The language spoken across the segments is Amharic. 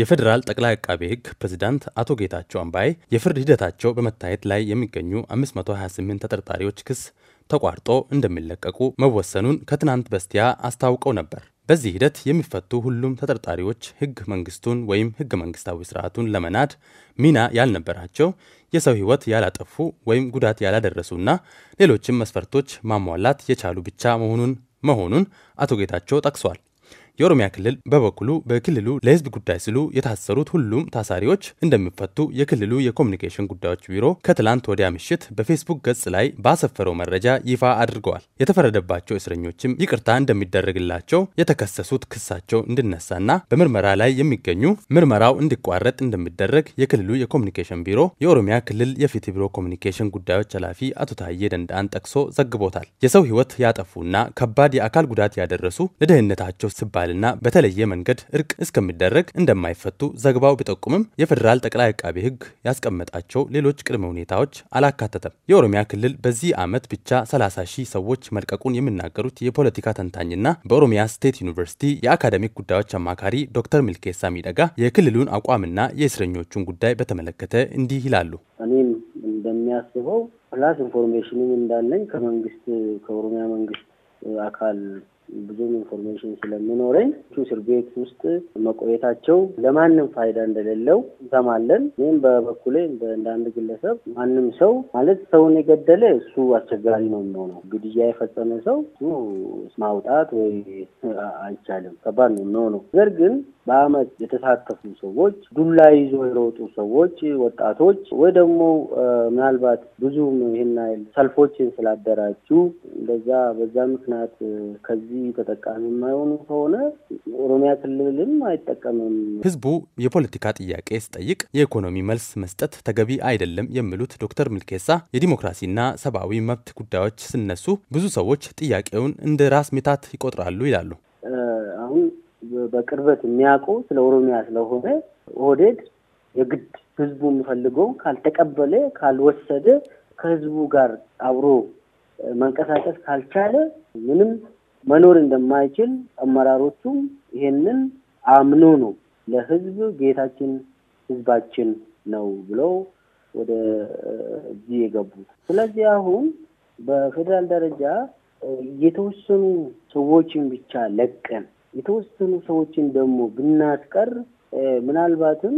የፌዴራል ጠቅላይ አቃቤ ሕግ ፕሬዝዳንት አቶ ጌታቸው አምባይ የፍርድ ሂደታቸው በመታየት ላይ የሚገኙ 528 ተጠርጣሪዎች ክስ ተቋርጦ እንደሚለቀቁ መወሰኑን ከትናንት በስቲያ አስታውቀው ነበር። በዚህ ሂደት የሚፈቱ ሁሉም ተጠርጣሪዎች ህግ መንግስቱን ወይም ህገ መንግስታዊ ስርዓቱን ለመናድ ሚና ያልነበራቸው፣ የሰው ህይወት ያላጠፉ ወይም ጉዳት ያላደረሱና ሌሎችም መስፈርቶች ማሟላት የቻሉ ብቻ መሆኑን መሆኑን አቶ ጌታቸው ጠቅሷል። የኦሮሚያ ክልል በበኩሉ በክልሉ ለህዝብ ጉዳይ ሲሉ የታሰሩት ሁሉም ታሳሪዎች እንደሚፈቱ የክልሉ የኮሚኒኬሽን ጉዳዮች ቢሮ ከትላንት ወዲያ ምሽት በፌስቡክ ገጽ ላይ ባሰፈረው መረጃ ይፋ አድርገዋል። የተፈረደባቸው እስረኞችም ይቅርታ እንደሚደረግላቸው፣ የተከሰሱት ክሳቸው እንዲነሳና በምርመራ ላይ የሚገኙ ምርመራው እንዲቋረጥ እንደሚደረግ የክልሉ የኮሚኒኬሽን ቢሮ የኦሮሚያ ክልል የፍትህ ቢሮ ኮሚኒኬሽን ጉዳዮች ኃላፊ አቶ ታዬ ደንዳን ጠቅሶ ዘግቦታል። የሰው ህይወት ያጠፉና ከባድ የአካል ጉዳት ያደረሱ ለደህንነታቸው ሲባል ና በተለየ መንገድ እርቅ እስከሚደረግ እንደማይፈቱ ዘግባው ቢጠቁምም የፌዴራል ጠቅላይ አቃቤ ሕግ ያስቀመጣቸው ሌሎች ቅድመ ሁኔታዎች አላካተተም። የኦሮሚያ ክልል በዚህ ዓመት ብቻ 30 ሺህ ሰዎች መልቀቁን የሚናገሩት የፖለቲካ ተንታኝና በኦሮሚያ ስቴት ዩኒቨርሲቲ የአካዳሚክ ጉዳዮች አማካሪ ዶክተር ሚልኬሳ ሚደጋ የክልሉን አቋምና የእስረኞቹን ጉዳይ በተመለከተ እንዲህ ይላሉ። እኔም እንደሚያስበው ፕላስ ኢንፎርሜሽንም እንዳለኝ ከመንግስት ከኦሮሚያ መንግስት አካል ብዙም ኢንፎርሜሽን ስለምኖረኝ እስር ቤት ውስጥ መቆየታቸው ለማንም ፋይዳ እንደሌለው እንሰማለን። ይህም በበኩሌ እንደ አንድ ግለሰብ ማንም ሰው ማለት ሰውን የገደለ እሱ አስቸጋሪ ነው የሚሆነው። ግድያ የፈጸመ ሰው እሱ ማውጣት ወይ አይቻልም፣ ከባድ ነው የሚሆነው። ነገር ግን በአመት የተሳተፉ ሰዎች፣ ዱላ ይዞ የሮጡ ሰዎች፣ ወጣቶች ወይ ደግሞ ምናልባት ብዙም ይህን ሰልፎችን ስላደራጁ እንደዛ በዛ ምክንያት ከዚህ ተጠቃሚ የማይሆኑ ከሆነ ኦሮሚያ ክልልም አይጠቀምም። ህዝቡ የፖለቲካ ጥያቄ ስጠይቅ የኢኮኖሚ መልስ መስጠት ተገቢ አይደለም የሚሉት ዶክተር ምልኬሳ የዲሞክራሲና ሰብአዊ መብት ጉዳዮች ስነሱ ብዙ ሰዎች ጥያቄውን እንደ ራስ ምታት ይቆጥራሉ ይላሉ። አሁን በቅርበት የሚያውቀው ስለ ኦሮሚያ ስለሆነ ኦህዴድ የግድ ህዝቡ የሚፈልገውን ካልተቀበለ፣ ካልወሰደ ከህዝቡ ጋር አብሮ መንቀሳቀስ ካልቻለ ምንም መኖር እንደማይችል አመራሮቹም ይሄንን አምኖ ነው ለህዝብ ጌታችን ህዝባችን ነው ብለው ወደዚህ የገቡት። ስለዚህ አሁን በፌዴራል ደረጃ የተወሰኑ ሰዎችን ብቻ ለቀን የተወሰኑ ሰዎችን ደግሞ ብናስቀር ምናልባትም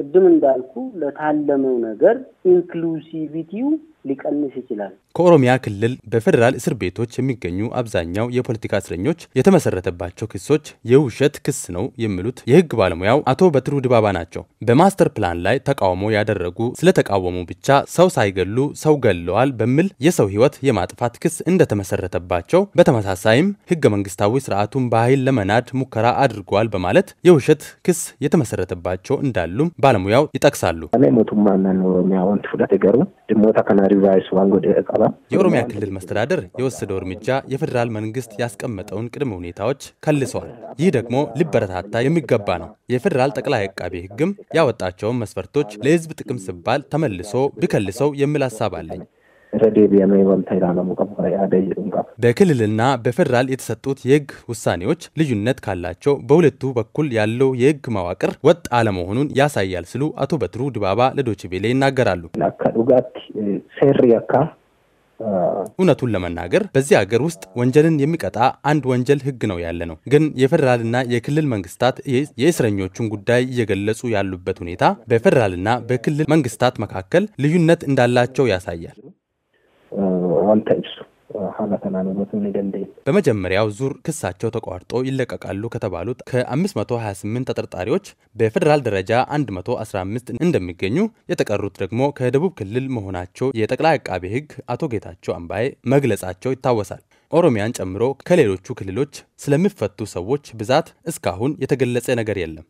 ቅድም እንዳልኩ ለታለመው ነገር ኢንክሉሲቪቲው ሊቀንስ ይችላል። ከኦሮሚያ ክልል በፌዴራል እስር ቤቶች የሚገኙ አብዛኛው የፖለቲካ እስረኞች የተመሰረተባቸው ክሶች የውሸት ክስ ነው የሚሉት የህግ ባለሙያው አቶ በትሩ ድባባ ናቸው። በማስተር ፕላን ላይ ተቃውሞ ያደረጉ ስለተቃወሙ ብቻ ሰው ሳይገሉ ሰው ገለዋል በሚል የሰው ህይወት የማጥፋት ክስ እንደተመሰረተባቸው፣ በተመሳሳይም ህገ መንግስታዊ ስርዓቱን በኃይል ለመናድ ሙከራ አድርጓል በማለት የውሸት ክስ የተመሰረተባቸው እንዳሉም ባለሙያው ይጠቅሳሉ። የኦሮሚያ ክልል መስተዳደር የወሰደው እርምጃ የፌዴራል መንግስት ያስቀመጠውን ቅድመ ሁኔታዎች ከልሰዋል። ይህ ደግሞ ሊበረታታ የሚገባ ነው። የፌዴራል ጠቅላይ አቃቤ ህግም ያወጣቸውን መስፈርቶች ለህዝብ ጥቅም ሲባል ተመልሶ ቢከልሰው የሚል ሀሳብ አለኝ። irra deebi'amee wanta ilaalamu qabu yaada በክልልና በፌዴራል የተሰጡት የህግ ውሳኔዎች ልዩነት ካላቸው በሁለቱ በኩል ያለው የህግ መዋቅር ወጥ አለመሆኑን ያሳያል ሲሉ አቶ በትሩ ድባባ ለዶችቤሌ ይናገራሉ። ከዱጋት ሴር አካ እውነቱን ለመናገር በዚህ ሀገር ውስጥ ወንጀልን የሚቀጣ አንድ ወንጀል ህግ ነው ያለ ነው። ግን የፌዴራልና የክልል መንግስታት የእስረኞቹን ጉዳይ እየገለጹ ያሉበት ሁኔታ በፌዴራልና በክልል መንግስታት መካከል ልዩነት እንዳላቸው ያሳያል። ዋልታ uh, በመጀመሪያው ዙር ክሳቸው ተቋርጦ ይለቀቃሉ ከተባሉት ከ528 ተጠርጣሪዎች በፌዴራል ደረጃ 115 እንደሚገኙ የተቀሩት ደግሞ ከደቡብ ክልል መሆናቸው የጠቅላይ አቃቤ ሕግ አቶ ጌታቸው አምባዬ መግለጻቸው ይታወሳል። ኦሮሚያን ጨምሮ ከሌሎቹ ክልሎች ስለሚፈቱ ሰዎች ብዛት እስካሁን የተገለጸ ነገር የለም።